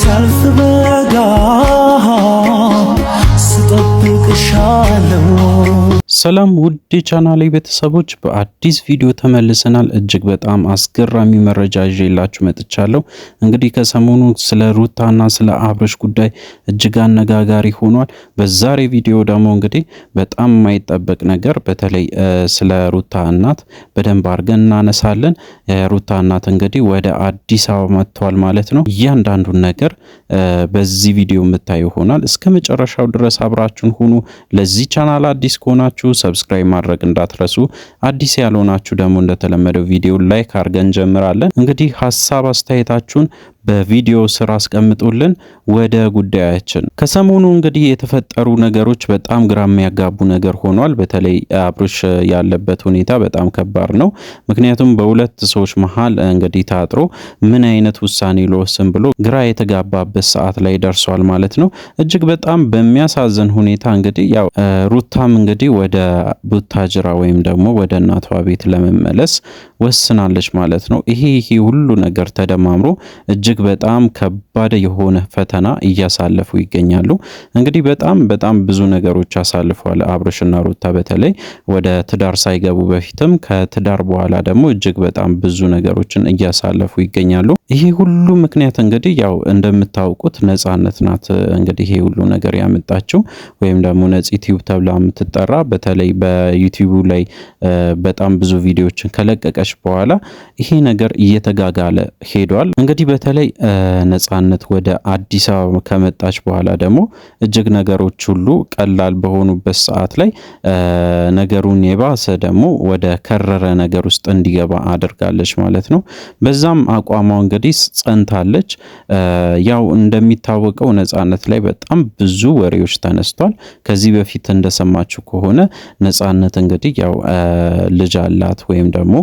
ሰልፍ በጋ ስጠብቅሻለው ሰላም ውድ የቻናሌ ቤተሰቦች በአዲስ ቪዲዮ ተመልሰናል። እጅግ በጣም አስገራሚ መረጃ ይዤላችሁ መጥቻለሁ። እንግዲህ ከሰሞኑ ስለ ሩታና ስለ አብርሽ ጉዳይ እጅግ አነጋጋሪ ሆኗል። በዛሬ ቪዲዮ ደግሞ እንግዲህ በጣም የማይጠበቅ ነገር በተለይ ስለ ሩታ እናት በደንብ አድርገን እናነሳለን። ሩታ እናት እንግዲህ ወደ አዲስ አበባ መጥተዋል ማለት ነው። እያንዳንዱን ነገር በዚህ ቪዲዮ የምታዩ ይሆናል። እስከ መጨረሻው ድረስ አብራችሁን ሁኑ። ለዚህ ቻናል አዲስ ከሆናችሁ ሰብስክራይብ ማድረግ እንዳትረሱ። አዲስ ያልሆናችሁ ደግሞ እንደተለመደው ቪዲዮ ላይክ አድርገን እንጀምራለን። እንግዲህ ሀሳብ አስተያየታችሁን በቪዲዮ ስር አስቀምጡልን። ወደ ጉዳያችን ከሰሞኑ እንግዲህ የተፈጠሩ ነገሮች በጣም ግራ የሚያጋቡ ነገር ሆኗል። በተለይ አብርሽ ያለበት ሁኔታ በጣም ከባድ ነው። ምክንያቱም በሁለት ሰዎች መሀል እንግዲህ ታጥሮ ምን አይነት ውሳኔ ልወስን ብሎ ግራ የተጋባበት ሰዓት ላይ ደርሷል ማለት ነው። እጅግ በጣም በሚያሳዝን ሁኔታ እንግዲህ ያው ሩታም እንግዲህ ወደ ቡታጅራ ወይም ደግሞ ወደ እናቷ ቤት ለመመለስ ወስናለች ማለት ነው። ይሄ ይሄ ሁሉ ነገር ተደማምሮ እጅግ እጅግ በጣም ከባድ የሆነ ፈተና እያሳለፉ ይገኛሉ። እንግዲህ በጣም በጣም ብዙ ነገሮች አሳልፏል አብርሽና ሩታ በተለይ ወደ ትዳር ሳይገቡ በፊትም ከትዳር በኋላ ደግሞ እጅግ በጣም ብዙ ነገሮችን እያሳለፉ ይገኛሉ። ይሄ ሁሉ ምክንያት እንግዲህ ያው እንደምታውቁት ነጻነት ናት እንግዲህ ይሄ ሁሉ ነገር ያመጣችው ወይም ደግሞ ነጽ ዩቲዩብ ተብላ የምትጠራ በተለይ በዩቲዩቡ ላይ በጣም ብዙ ቪዲዮዎችን ከለቀቀች በኋላ ይሄ ነገር እየተጋጋለ ሄዷል። እንግዲህ በተለይ በተለይ ነጻነት ወደ አዲስ አበባ ከመጣች በኋላ ደግሞ እጅግ ነገሮች ሁሉ ቀላል በሆኑበት ሰዓት ላይ ነገሩን የባሰ ደግሞ ወደ ከረረ ነገር ውስጥ እንዲገባ አድርጋለች ማለት ነው። በዛም አቋሟ እንግዲህ ጸንታለች። ያው እንደሚታወቀው ነጻነት ላይ በጣም ብዙ ወሬዎች ተነስቷል። ከዚህ በፊት እንደሰማችሁ ከሆነ ነጻነት እንግዲህ ያው ልጅ አላት ወይም ደግሞ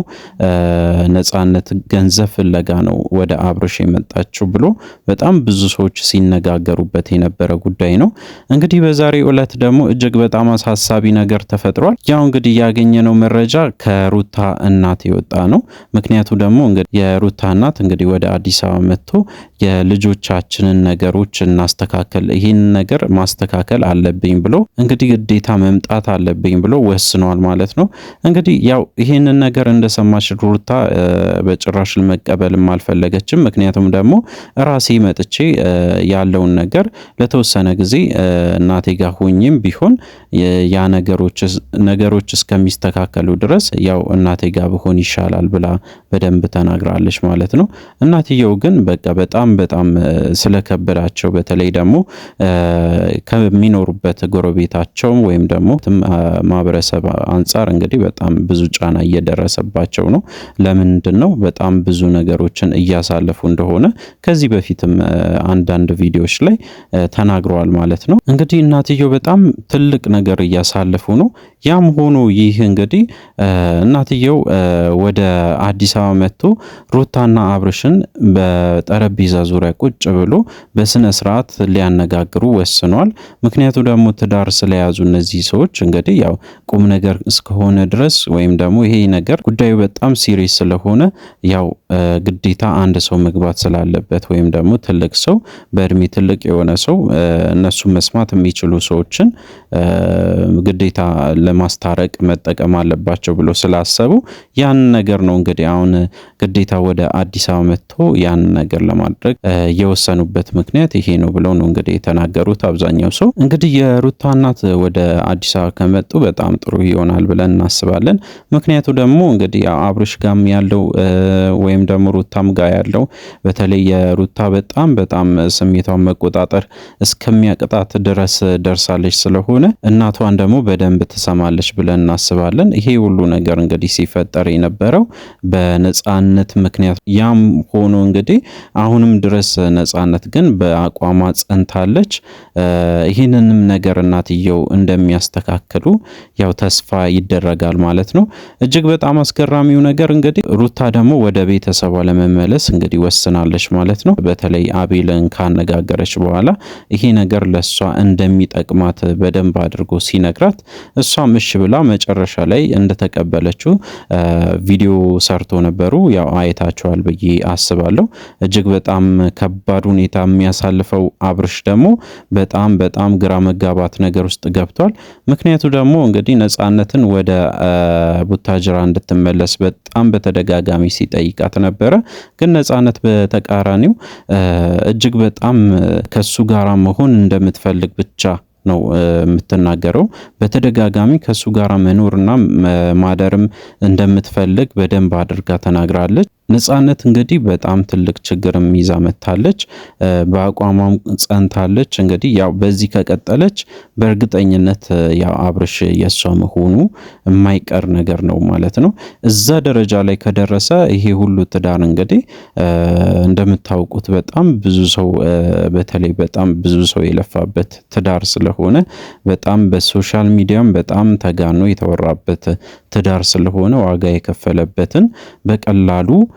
ነጻነት ገንዘብ ፍለጋ ነው ወደ አብርሽ የመጣ ሰጣችሁ ብሎ በጣም ብዙ ሰዎች ሲነጋገሩበት የነበረ ጉዳይ ነው። እንግዲህ በዛሬው ዕለት ደግሞ እጅግ በጣም አሳሳቢ ነገር ተፈጥሯል። ያው እንግዲህ ያገኘነው መረጃ ከሩታ እናት የወጣ ነው። ምክንያቱ ደግሞ የሩታ እናት እንግዲህ ወደ አዲስ አበባ መጥቶ የልጆቻችንን ነገሮች እናስተካከል፣ ይህን ነገር ማስተካከል አለብኝ ብሎ እንግዲህ ግዴታ መምጣት አለብኝ ብሎ ወስኗል ማለት ነው። እንግዲህ ያው ይህንን ነገር እንደሰማች ሩታ በጭራሽ መቀበልም አልፈለገችም። ምክንያቱም ደግሞ ራሴ መጥቼ ያለውን ነገር ለተወሰነ ጊዜ እናቴ ጋር ሆኜም ቢሆን ያ ነገሮች እስከሚስተካከሉ ድረስ ያው እናቴ ጋር ብሆን ይሻላል ብላ በደንብ ተናግራለች ማለት ነው። እናትየው ግን በቃ በጣም በጣም ስለከበዳቸው በተለይ ደግሞ ከሚኖሩበት ጎረቤታቸው ወይም ደግሞ ማህበረሰብ አንጻር እንግዲህ በጣም ብዙ ጫና እየደረሰባቸው ነው። ለምንድን ነው በጣም ብዙ ነገሮችን እያሳለፉ እንደሆነ ከዚህ በፊትም አንዳንድ ቪዲዮዎች ላይ ተናግረዋል ማለት ነው። እንግዲህ እናትየው በጣም ትልቅ ነገር እያሳለፉ ነው። ያም ሆኖ ይህ እንግዲህ እናትየው ወደ አዲስ አበባ መጥቶ ሩታና አብርሽን በጠረጴዛ ዙሪያ ቁጭ ብሎ በስነ ስርዓት ሊያነጋግሩ ወስኗል። ምክንያቱ ደግሞ ትዳር ስለያዙ እነዚህ ሰዎች እንግዲህ ያው ቁም ነገር እስከሆነ ድረስ ወይም ደግሞ ይሄ ነገር ጉዳዩ በጣም ሲሪየስ ስለሆነ ያው ግዴታ አንድ ሰው መግባት ስላለበት ወይም ደግሞ ትልቅ ሰው በእድሜ ትልቅ የሆነ ሰው እነሱ መስማት የሚችሉ ሰዎችን ግዴታ ለማስታረቅ መጠቀም አለባቸው ብሎ ስላሰቡ ያን ነገር ነው እንግዲህ አሁን ግዴታ ወደ አዲስ አበባ መጥቶ ያን ነገር ለማድረግ የወሰኑበት ምክንያት ይሄ ነው ብለው ነው እንግዲህ የተናገሩት። አብዛኛው ሰው እንግዲህ የሩታ እናት ወደ አዲስ አበባ ከመጡ በጣም ጥሩ ይሆናል ብለን እናስባለን። ምክንያቱ ደግሞ እንግዲህ አብርሽ ጋም ያለው ወይም ወይም ደግሞ ሩታም ጋር ያለው በተለይ የሩታ በጣም በጣም ስሜቷን መቆጣጠር እስከሚያቅጣት ድረስ ደርሳለች። ስለሆነ እናቷን ደግሞ በደንብ ትሰማለች ብለን እናስባለን። ይሄ ሁሉ ነገር እንግዲህ ሲፈጠር የነበረው በነጻነት ምክንያት ያም ሆኖ እንግዲህ አሁንም ድረስ ነጻነት ግን በአቋሟ ጸንታለች። ይህንንም ነገር እናትየው እንደሚያስተካክሉ ያው ተስፋ ይደረጋል ማለት ነው። እጅግ በጣም አስገራሚው ነገር እንግዲህ ሩታ ደግሞ ወደ ቤተ ቤተሰቧ ለመመለስ እንግዲህ ወስናለች ማለት ነው። በተለይ አቤልን ካነጋገረች በኋላ ይሄ ነገር ለእሷ እንደሚጠቅማት በደንብ አድርጎ ሲነግራት እሷም እሽ ብላ መጨረሻ ላይ እንደተቀበለችው ቪዲዮ ሰርቶ ነበሩ። ያው አይታችኋል ብዬ አስባለሁ። እጅግ በጣም ከባድ ሁኔታ የሚያሳልፈው አብርሽ ደግሞ በጣም በጣም ግራ መጋባት ነገር ውስጥ ገብቷል። ምክንያቱ ደግሞ እንግዲህ ነጻነትን ወደ ቡታጅራ እንድትመለስ በጣም በተደጋጋሚ ሲጠይቃት ነበረ። ግን ነጻነት በተቃራኒው እጅግ በጣም ከሱ ጋራ መሆን እንደምትፈልግ ብቻ ነው የምትናገረው። በተደጋጋሚ ከሱ ጋራ መኖርና ማደርም እንደምትፈልግ በደንብ አድርጋ ተናግራለች። ነጻነት እንግዲህ በጣም ትልቅ ችግርም ይዛ መታለች። በአቋሟም ጸንታለች። እንግዲህ ያው በዚህ ከቀጠለች በእርግጠኝነት ያው አብርሽ የሷ መሆኑ የማይቀር ነገር ነው ማለት ነው። እዛ ደረጃ ላይ ከደረሰ ይሄ ሁሉ ትዳር እንግዲህ እንደምታውቁት በጣም ብዙ ሰው በተለይ በጣም ብዙ ሰው የለፋበት ትዳር ስለሆነ በጣም በሶሻል ሚዲያም በጣም ተጋኖ የተወራበት ትዳር ስለሆነ ዋጋ የከፈለበትን በቀላሉ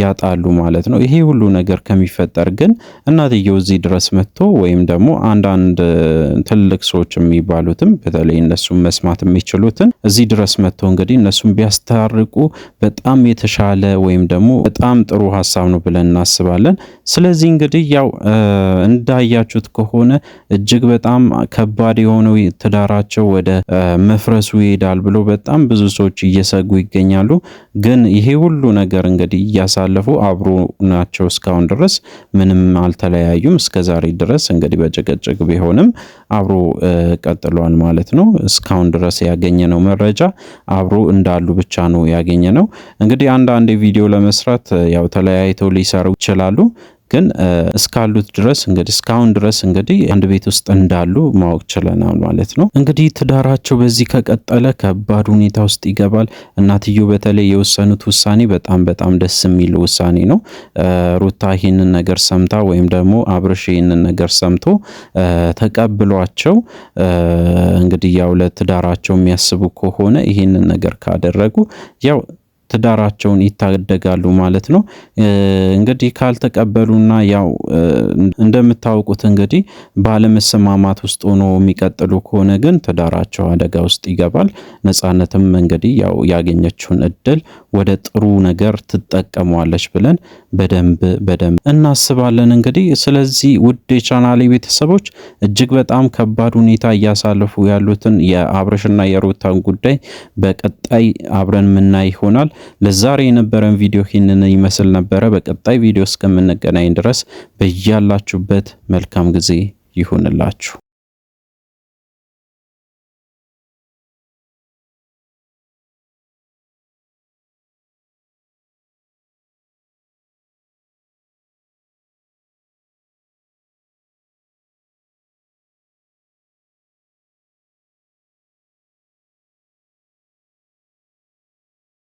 ያጣሉ ማለት ነው። ይሄ ሁሉ ነገር ከሚፈጠር ግን እናትየው እዚህ ድረስ መጥቶ ወይም ደግሞ አንዳንድ ትልቅ ሰዎች የሚባሉትም በተለይ እነሱም መስማት የሚችሉትን እዚህ ድረስ መጥቶ እንግዲህ እነሱም ቢያስታርቁ በጣም የተሻለ ወይም ደግሞ በጣም ጥሩ ሀሳብ ነው ብለን እናስባለን። ስለዚህ እንግዲህ ያው እንዳያችሁት ከሆነ እጅግ በጣም ከባድ የሆነው ትዳራቸው ወደ መፍረሱ ይሄዳል ብሎ በጣም ብዙ ሰዎች እየሰጉ ይገኛሉ። ግን ይሄ ሁሉ ነገር እንግዲህ እያሳ ሲያሳልፉ አብሮ ናቸው። እስካሁን ድረስ ምንም አልተለያዩም። እስከ ዛሬ ድረስ እንግዲህ በጭቅጭቅ ቢሆንም አብሮ ቀጥሏል ማለት ነው። እስካሁን ድረስ ያገኘነው መረጃ አብሮ እንዳሉ ብቻ ነው ያገኘነው። እንግዲህ አንዳንድ ቪዲዮ ለመስራት ያው ተለያይተው ሊሰሩ ይችላሉ። ግን እስካሉት ድረስ እንግዲህ እስካሁን ድረስ እንግዲህ አንድ ቤት ውስጥ እንዳሉ ማወቅ ችለናል ማለት ነው። እንግዲህ ትዳራቸው በዚህ ከቀጠለ ከባድ ሁኔታ ውስጥ ይገባል። እናትዮ በተለይ የወሰኑት ውሳኔ በጣም በጣም ደስ የሚል ውሳኔ ነው። ሩታ ይህንን ነገር ሰምታ ወይም ደግሞ አብርሽ ይህንን ነገር ሰምቶ ተቀብሏቸው እንግዲህ ያው ለትዳራቸው የሚያስቡ ከሆነ ይህንን ነገር ካደረጉ ያው ትዳራቸውን ይታደጋሉ ማለት ነው። እንግዲህ ካልተቀበሉና ያው እንደምታውቁት እንግዲህ ባለመሰማማት ውስጥ ሆኖ የሚቀጥሉ ከሆነ ግን ትዳራቸው አደጋ ውስጥ ይገባል። ነጻነትም እንግዲህ ያው ያገኘችውን እድል ወደ ጥሩ ነገር ትጠቀመዋለች ብለን በደንብ በደንብ እናስባለን። እንግዲህ ስለዚህ ውድ የቻናሌ ቤተሰቦች እጅግ በጣም ከባድ ሁኔታ እያሳለፉ ያሉትን የአብርሽና የሩታን ጉዳይ በቀጣይ አብረን ምናይ ይሆናል። ለዛሬ የነበረን ቪዲዮ ይህንን ይመስል ነበረ። በቀጣይ ቪዲዮ እስከምንገናኝ ድረስ በያላችሁበት መልካም ጊዜ ይሁንላችሁ።